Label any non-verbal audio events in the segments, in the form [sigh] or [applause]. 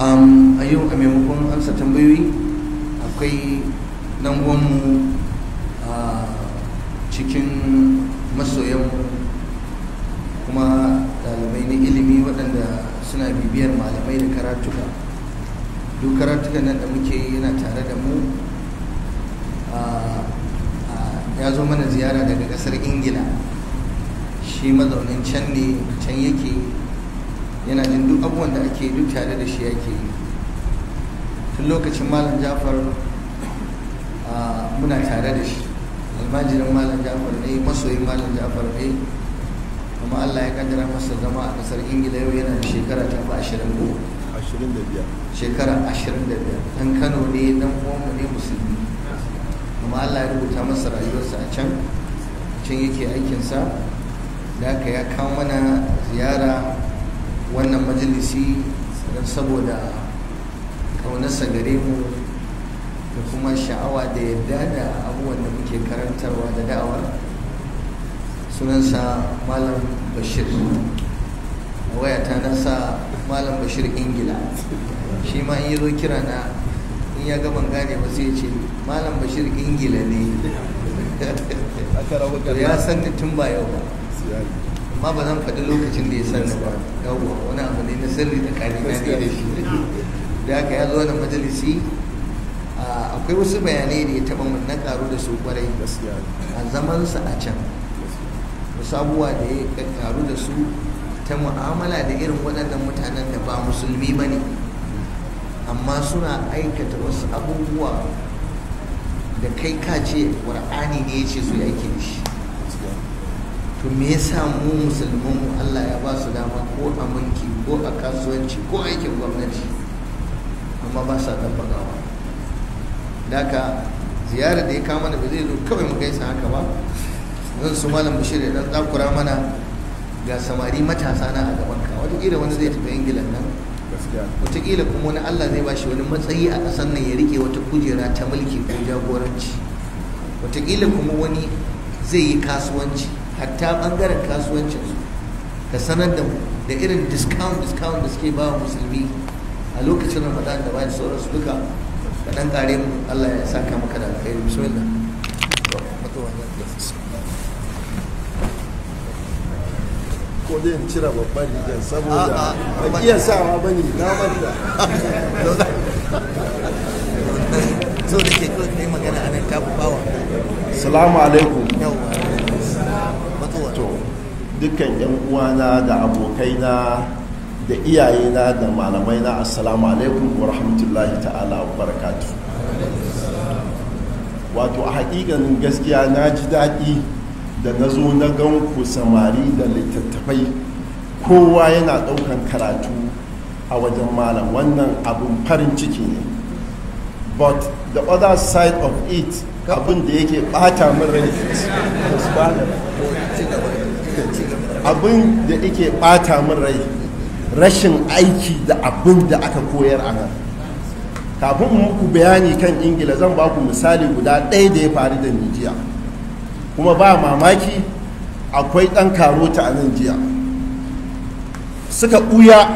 a yau a maimakon amsa tambayoyi akwai nan uwanmu a cikin masoyanmu kuma dalibai na ilimi waɗanda suna bibiyar malamai da karatuka duk karatukan nan da muke yana tare da mu ya zo mana ziyara daga ƙasar ingila shi mazaunin can ne can yake yana jin duk abubuwan da ake duk tare da shi yake yi tun lokacin malam jafar muna tare da shi almajirin malam jafar ne masoyin malam jafar ne kuma allah ya kaddara masa zama a kasar ingila yau yana da shekara ta fi ashirin ko shekara ashirin da biyar dan kano ne dan uwanmu ne musulmi kuma allah ya rubuta masa rayuwarsa a can can yake aikinsa da aka ya kawo mana ziyara majalisi don saboda kaunarsa gare mu da kuma sha'awa da yadda da abubuwan da muke karantarwa da da'awa sunansa malam bashir a waya ta nasa malam bashir ingila shi ma in yi zo kira na in ya gaban gane ba sai ce malam bashir ingila ne [laughs] ya san tun ba yau ba amma ba zan faɗi lokacin da ya sani ba yawwa wani abu ne na sirri tsakanin na da shi da aka ya zo da majalisi akwai wasu bayanai da ya taɓa mun na ƙaru da su ƙwarai a zamansa a can wasu abubuwa da ya ƙaru da su ta mu'amala da irin waɗannan mutanen da ba musulmi ba ne amma suna aikata wasu abubuwa da kai ka ce ne ya ce su yi da shi to me yasa mu musulman mu Allah ya ba su dama ko a mulki ko a kasuwanci ko aikin gwamnati amma ba sa tabbakawa daga ziyarar da ya kama da ba zai zo kawai mu gaisa haka ba zan su malam bashir ya dan tsakura mana ga samari matasa na a gaban ka wataƙila wani zai tafi ingila nan wataƙila kuma wani allah zai ba shi wani matsayi a ƙasar nan ya rike wata kujera ta mulki ko jagoranci wataƙila kuma wani zai yi kasuwanci hatta bangaren su ka sanar da da irin discount discount da suke ba wa musulmi a lokacin ramadan da bayan sauransu duka ka dan kare mu allah ya saka maka da alkhairi bismillah ko dai in cira babban rigar saboda a iya sawa bane na manta so [laughs] da ke kai magana anan kafa bawa salamu alaikum to dukkan yan uwana da abokaina da iyayena da malamaina assalamu alaikum wa rahmatullahi ta'ala wa barakatu wato a haƙiƙanin gaskiya na ji daɗi da na zo na gan ku samari da littattafai kowa yana ɗaukan karatu a wajen malam wannan abin farin ciki ne but the other side of it abin da yake ɓata min rai abin da yake bata min rai rashin aiki da abin da aka koyar a nan kafin muku bayani kan ingila zan ba ku misali guda ɗaya da ya faru da ni jiya kuma ba mamaki akwai ɗan karota a nan jiya suka ɓuya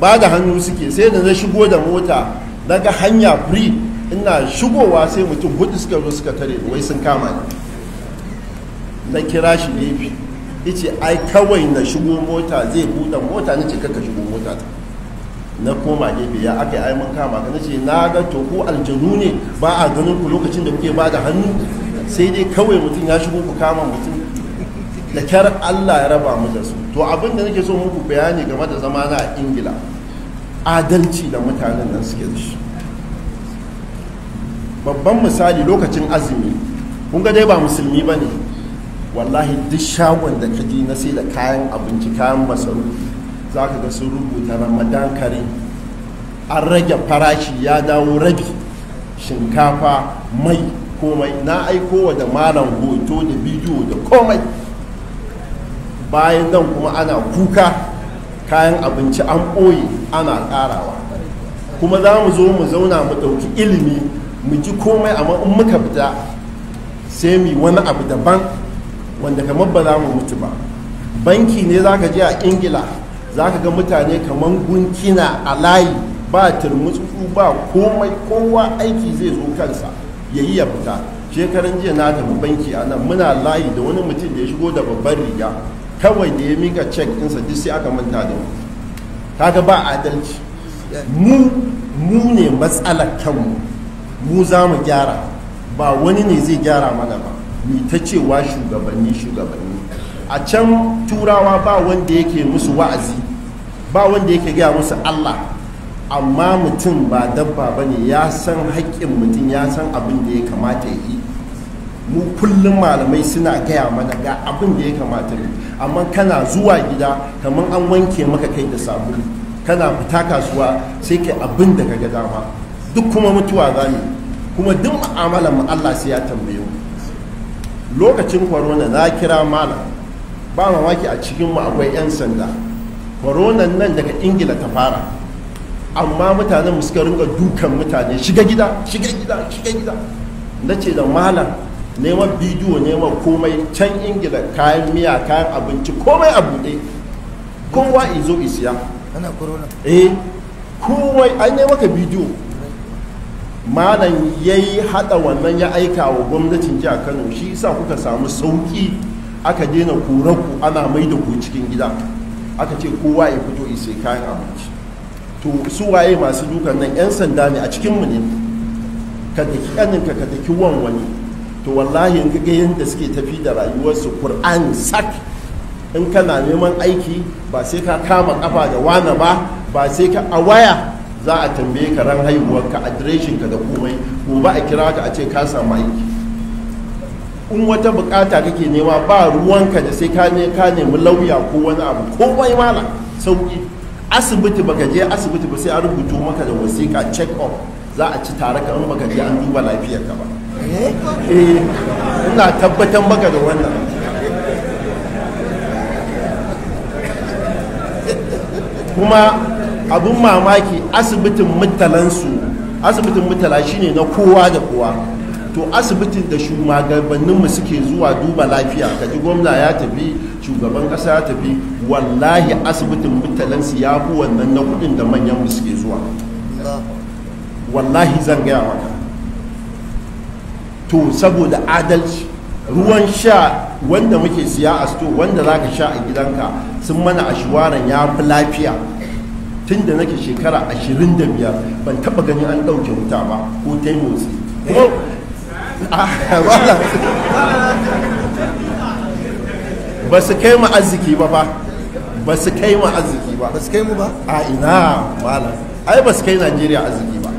ba da hannu suke sai da na shigo da mota na ga hanya free ina shigowa sai mutum hudu suka zo suka tare wai sun kama ni na kira shi ne ice ai kawai na shigo mota zai buɗe mota na ce kaka shigo mota na koma gefe ya aka yi mun kama ka ce na ga to aljanu ne ba a ganin ku lokacin da kuke ba da hannu sai dai kawai mutum ya shigo ku kama mutum da kyar Allah ya raba mu da su to abin da nake so muku bayani game da zama na Ingila adalci da mutanen nan suke da shi babban misali lokacin azumi kun ga dai ba musulmi ba ne. wallahi duk shagon da ka ji na sai da kayan abinci kayan masarufi za ka ga sun rubuta ramadan kare an rage farashi ya dawo rabi shinkafa mai komai na aiko da malam hoto da bidiyo da komai bayan nan kuma ana kuka kayan abinci an ɓoye ana ƙarawa kuma za mu zo mu zauna mu ɗauki ilimi mu ji komai amma in muka fita sai mu yi wani abu daban wanda kamar ba za mu mutu ba banki ne za ka je a ingila za ka ga mutane kamar gunkina a layi ba turmutsu ba komai kowa aiki zai zo kansa ya yi ya fita shekaran jiya na tafi banki a nan muna layi da wani mutum da ya shigo da babban riga kawai da ya mika cek ɗinsa duk sai aka manta da kaga ba adalci mu mu ne matsalar kanmu mu za mu gyara ba wani ne zai gyara mana ba ni ta cewa shugabanni shugabanni a can turawa ba wanda yake musu wa'azi ba wanda yake gaya musu allah amma mutum ba dabba ba ne ya san haƙƙin mutum ya san abin da ya kamata ya yi mu kullum malamai suna gaya mana ga abin da ya kamata yi amma kana zuwa gida kamar an wanke maka kai da sabulu kana fita kasuwa sai kai abin da ga dama duk kuma mutuwa za ne, kuma duk mu'amalar mu Allah sai ya tambaye mu lokacin corona na kira malam ba mamaki a cikinmu akwai 'yan sanda corona nan daga ingila ta fara amma mutanen mu suka rinka dukan mutane shiga gida shiga gida shiga gida na ce da malam neman bidiyo neman komai can ingila kayan miya kayan abinci komai a buɗe kowa izo isiya ana corona eh kowai an yi maka bidiyo malam ya yi haɗa wannan ya aika wa gwamnatin jiha kano shi sa kuka samu sauƙi aka daina kura ku ana mai da ku cikin gida aka ce kowa ya fito isai kayan abinci to su waye masu dukan nan 'yan sanda ne a cikinmu ne ka daki ƙaninka ka daki wan wani to wallahi in ga yadda suke tafi da rayuwarsu kur'ani sak in kana neman aiki ba sai ka kama kafa da wana ba ba sai ka a waya za a tambaye ka ran haihuwarka adireshinka da komai gobe a kira ka a ce ka samu aiki in wata bukata kake nema ba ruwanka da sai ka ne ka nemi lauya ko wani abu komai mala sauki asibiti baka je asibiti ba sai an rubuto maka da wasiƙa check up za a ci tare ka in baka je an duba lafiyarka ba eh? eh ina tabbatar maka da wannan kuma abin mamaki asibitin mutalansu asibitin mutala shine na kowa da kowa to asibitin da shugabanninmu suke zuwa duba lafiya kaji gwamna ya tafi shugaban kasa ya tafi wallahi asibitin mutalansu ya fi wannan na kudin da mu suke zuwa wallahi zan gaya maka to saboda adalci ruwan sha wanda muke siya a sto wanda za ka sha a gidanka sun mana ashwaran ya fi lafiya tun da nake shekara ashirin da biyar ban taba ganin an ɗauke wuta ba ko ta motsi eh. ah, [laughs] ba su kai mu arziki ba ba ba su kai mu arziki ba ba su kai mu ba a ina malam ai ba su kai najeriya arziki ba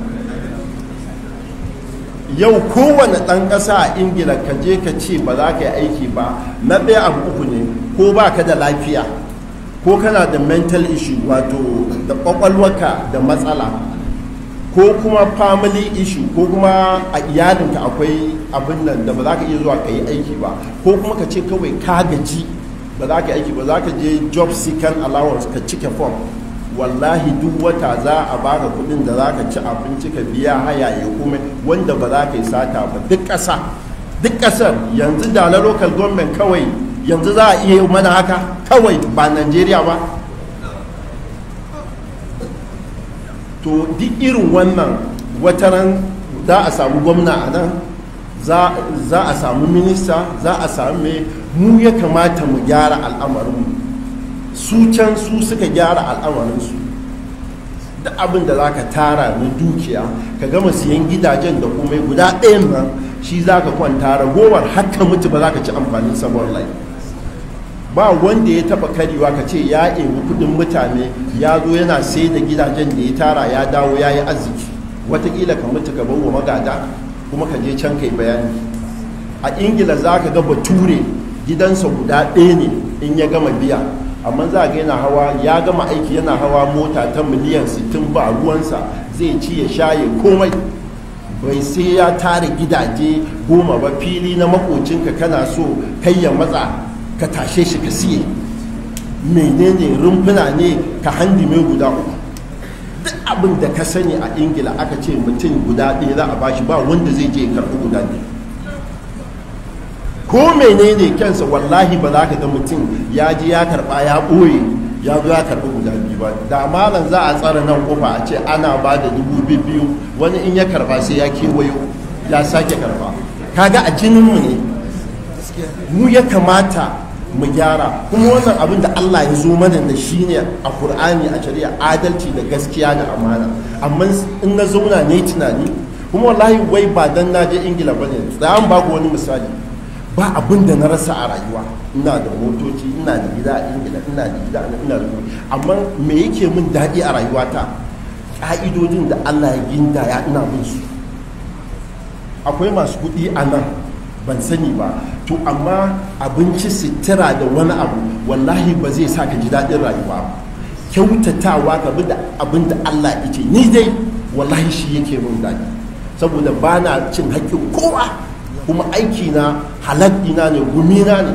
yau kowane ɗan ƙasa a ingila ka je ka ce ba za ka yi aiki ba na ɗaya abu uku ne ko ba ka da lafiya ko kana da mental issue wato da kwakwalwaka da matsala ko kuma family issue ko kuma a iyalinka akwai abin nan da ba za ka iya zuwa ka yi aiki ba ko kuma ka ce kawai ka gaji ba za ka aiki ba za ka je job seeker allowance ka cike form wallahi duk wata za a baka kudin da za ka ci abinci ka biya haya ya kuma wanda ba za ka yi sata ba duk ƙasa duk ƙasar yanzu da na local government kawai yanzu za a iya yi mana haka kawai ba najeriya ba to duk irin wannan wataran za a samu gwamna a nan za a samu minista za a samu mai mu ya kamata mu gyara al'amarinmu su can su suka gyara al'amarinsu duk abin da za ka tara na dukiya ka gama siyan gidajen da kuma guda ɗayan nan shi za ka kwanta ragowar haka mutu ba za ka ci amfanin sabon laifin ba wanda ya taba karewa ka ce ya ewu kudin mutane ya zo yana sai da gidajen da ya tara ya dawo ya yi arziki watakila ka mutu ka wa magada kuma ka je can kai bayani a ingila za ka ga bature gidansa guda ɗaya ne in ya gama biya amma za ga yana hawa ya gama aiki yana hawa mota ta miliyan 60 ba ruwansa zai ci ya shaye komai bai sai ya tara gidaje goma ba fili na makocinka kana so kai ya matsa ka tashe shi ka siye menene rumfuna ne ka handime guda uku duk abin da ka sani a ingila aka ce mutum guda ɗaya za a bashi ba wanda zai je karɓi guda ɗaya ko menene kyansa wallahi ba za ka ga mutum ya ji ya karɓa ya ɓoye ya zo ya karɓi guda biyu ba da malam za a tsara nan kofa a ce ana ba da dubu biyu wani in ya karɓa sai ya kewayo ya sake karɓa kaga a mu ne mu ya kamata mu gyara kuma wannan abin da Allah ya zo mana da shi ne a qur'ani a shari'a adalci da gaskiya da amana amma in na zauna ne tunani kuma wallahi wai ba dan na je Ingila bane zan ba ku wani misali ba abin da na rasa a rayuwa ina da motoci ina da gida a Ingila ina da gida ina da amma me yake min daɗi a rayuwata ka'idodin da Allah ya ya ina bin su akwai masu kuɗi a nan ban sani ba to amma abinci sitira da wani abu wallahi ba zai sa ka ji daɗin rayuwa ba. kyautatawa ka bi da abin da Allah ya ce ni dai wallahi shi yake mun daɗi saboda ba na cin haƙƙin kowa kuma aiki na halaƙina ne gumina ne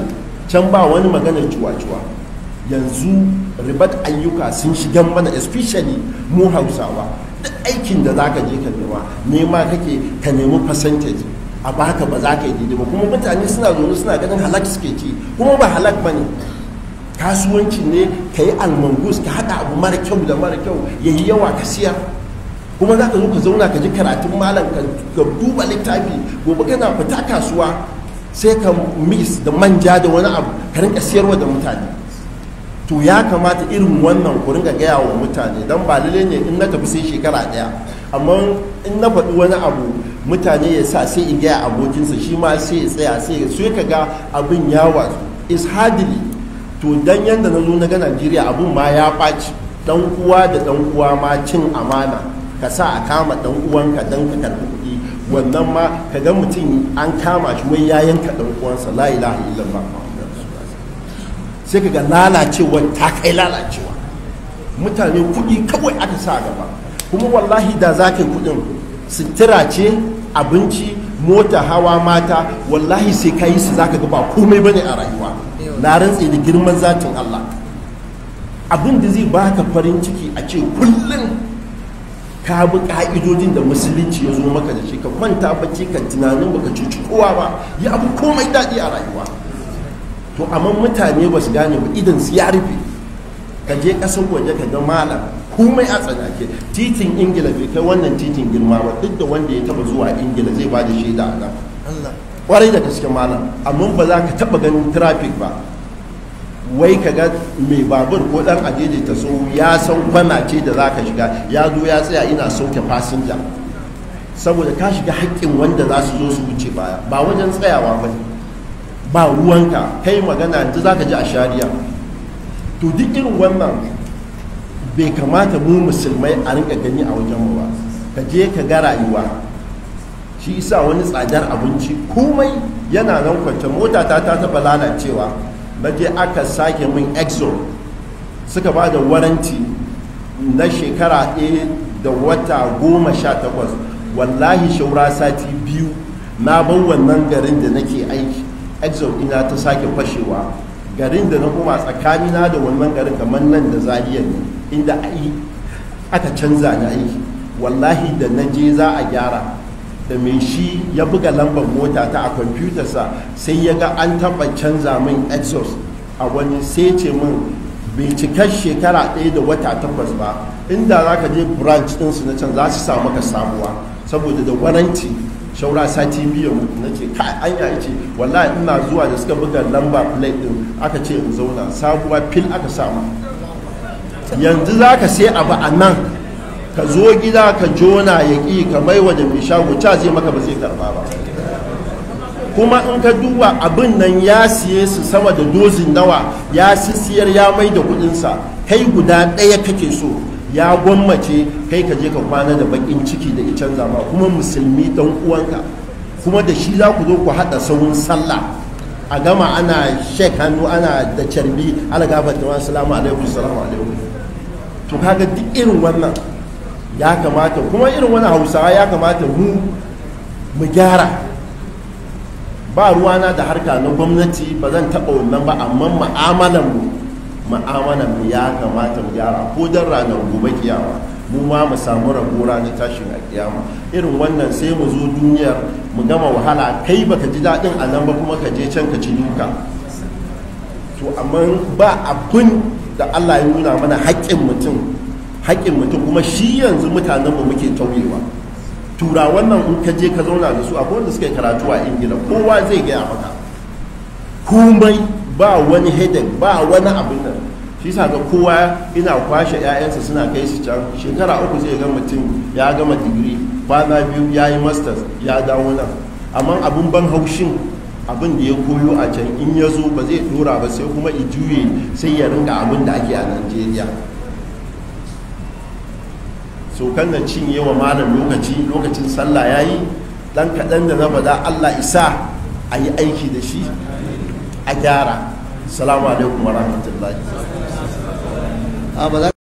can ba wani maganar cuwa-cuwa yanzu ribat ayyuka sun shiga mana especially mu hausawa duk aikin da za ka je ka nema nema kake ka nemi percentage a baka ba za ka yi daidai ba kuma mutane suna zaune suna ganin halak suke ci kuma ba halak ba ne kasuwanci ne ka yi almangus ka haɗa abu mara kyau da mara kyau ya yi yawa ka siya kuma za ka zo ka zauna ka ji karatun malam ka duba littafi gobe kana fita kasuwa sai ka mix da manja da wani abu ka rinka siyarwa da mutane to ya kamata irin wannan ku rinka gaya wa mutane don ba lalle ne in na tafi sai shekara ɗaya amma in na faɗi wani abu mutane ya sa sai in gaya abokinsa shi ma sai ya tsaya sai ya sai ka ga abin ya watsu is hardly to dan yanda na zo na ga Najeriya abin ma ya ɓaci dan uwa da dan uwa ma cin amana ka sa a kama dan uwanka dan ka karɓi kuɗi wannan ma ka ga mutum an kama shi wai ya yanka dan uwansa la ilaha illallah sai ka ga lalacewa ta kai lalacewa mutane kuɗi kawai aka sa gaba kuma wallahi da za ka kuɗin sutura ce abinci mota hawa mata wallahi sai ka yi su za ka ba komai bane a rayuwa na rantse da girman zatin Allah abin da zai baka farin ciki a ce kullum ka bi ka'idojin da musulunci ya zo maka da shi ka kwanta bacci ka tunanin baka cuci kowa ba ya abu komai daɗi a rayuwa to amma mutane ba su gane ba idan su ya rufe ka je ƙasar waje ka ga malam komai a tsanake titin ingila bai kai wannan titin girma ba duk da wanda ya taba zuwa ingila zai ba da shaida a nan kwarai da gaske malam amma ba za ka taba ganin traffic ba wai ka ga mai babur ko dan ajeji ta so ya san kwana ce da za ka shiga ya zo ya tsaya ina sauke fasinja saboda ka shiga haƙƙin wanda za su zo su wuce baya ba wajen tsayawa ba ba ruwanka kai magana yanzu za ka ji a shari'a to duk irin wannan bai kamata mu musulmai a rinka gani a wajen ba ka je ka ga rayuwa shi isa wani tsadar abinci komai yana nan kwance mota ta ta taba lalacewa na je aka sake min exo suka ba da waranti na shekara ɗaya da wata goma sha takwas wallahi shaura sati biyu na ban wannan garin da nake aiki exo ina ta sake fashewa garin da na koma tsakanina da wannan garin kamar nan da zahiyar ne inda aka canza ni aiki wallahi da na je za a gyara da mai shi ya buga lambar mota ta a kwamfutarsa sai ya ga an taba canza min exos a wani sai ce min bai cika shekara ɗaya da wata takwas ba inda za ka je branch ɗinsu na can za su samu ka samuwa saboda da waranti shaura sati biyu na ce kai an ya ce wallahi ina zuwa da suka buga lambar plate ɗin, aka ce in zauna sabuwa fil aka samu yanzu za ka sai abu a nan ka zo gida ka jona ya ƙi ka mai wa da mai shago ca zai maka ba zai karba ba kuma in ka duba abin nan ya siye su sama da dozin nawa ya sisiyar ya mai da kudinsa kai guda ɗaya kake so ya gwammace kai ka je ka kwana da bakin ciki da icen zama kuma musulmi dan uwanka kuma da shi za ku zo ku haɗa saurin sallah a gama ana shek hannu ana da carbi ala gafata wa salamu alaikum salamu alaikum to kaga duk irin wannan ya kamata kuma irin wani hausawa ya kamata mu mu gyara ba ruwana da harka na gwamnati ba zan taɓa wannan ba amma ma'amalan mu ma'amalan mu ya kamata mu gyara ko dan ranar gobe kiyama mu ma mu samu rabo ranar tashin alkiyama irin wannan sai mu zo duniyar mu gama wahala kai baka ji daɗin a nan ba kuma ka je can ka ci duka to amma ba abin da Allah ya nuna mana haƙƙin mutum haƙƙin mutum kuma shi yanzu mutanen mu muke tauyewa Tura wannan in ka je ka zauna da su a wanda suka yi karatu a ingila kowa zai gaya maka komai ba wani headache ba wani abin nan shi sa ga kowa ina kwashe 'ya'yansa suna kai su can shekara uku zai ga mutum ya gama digiri kwana biyu ya yi masters ya dawo nan amma abin ban haushin abin da ya koyo a can in ya zo ba zai dora ba sai kuma i juye sai ya ringa abin da ake a najeriya so kan nan cinye wa malam lokaci lokacin sallah ya yi dan kaɗan da na bada allah isa a yi aiki da shi a gyara salamu alaikum wa rahmatullahi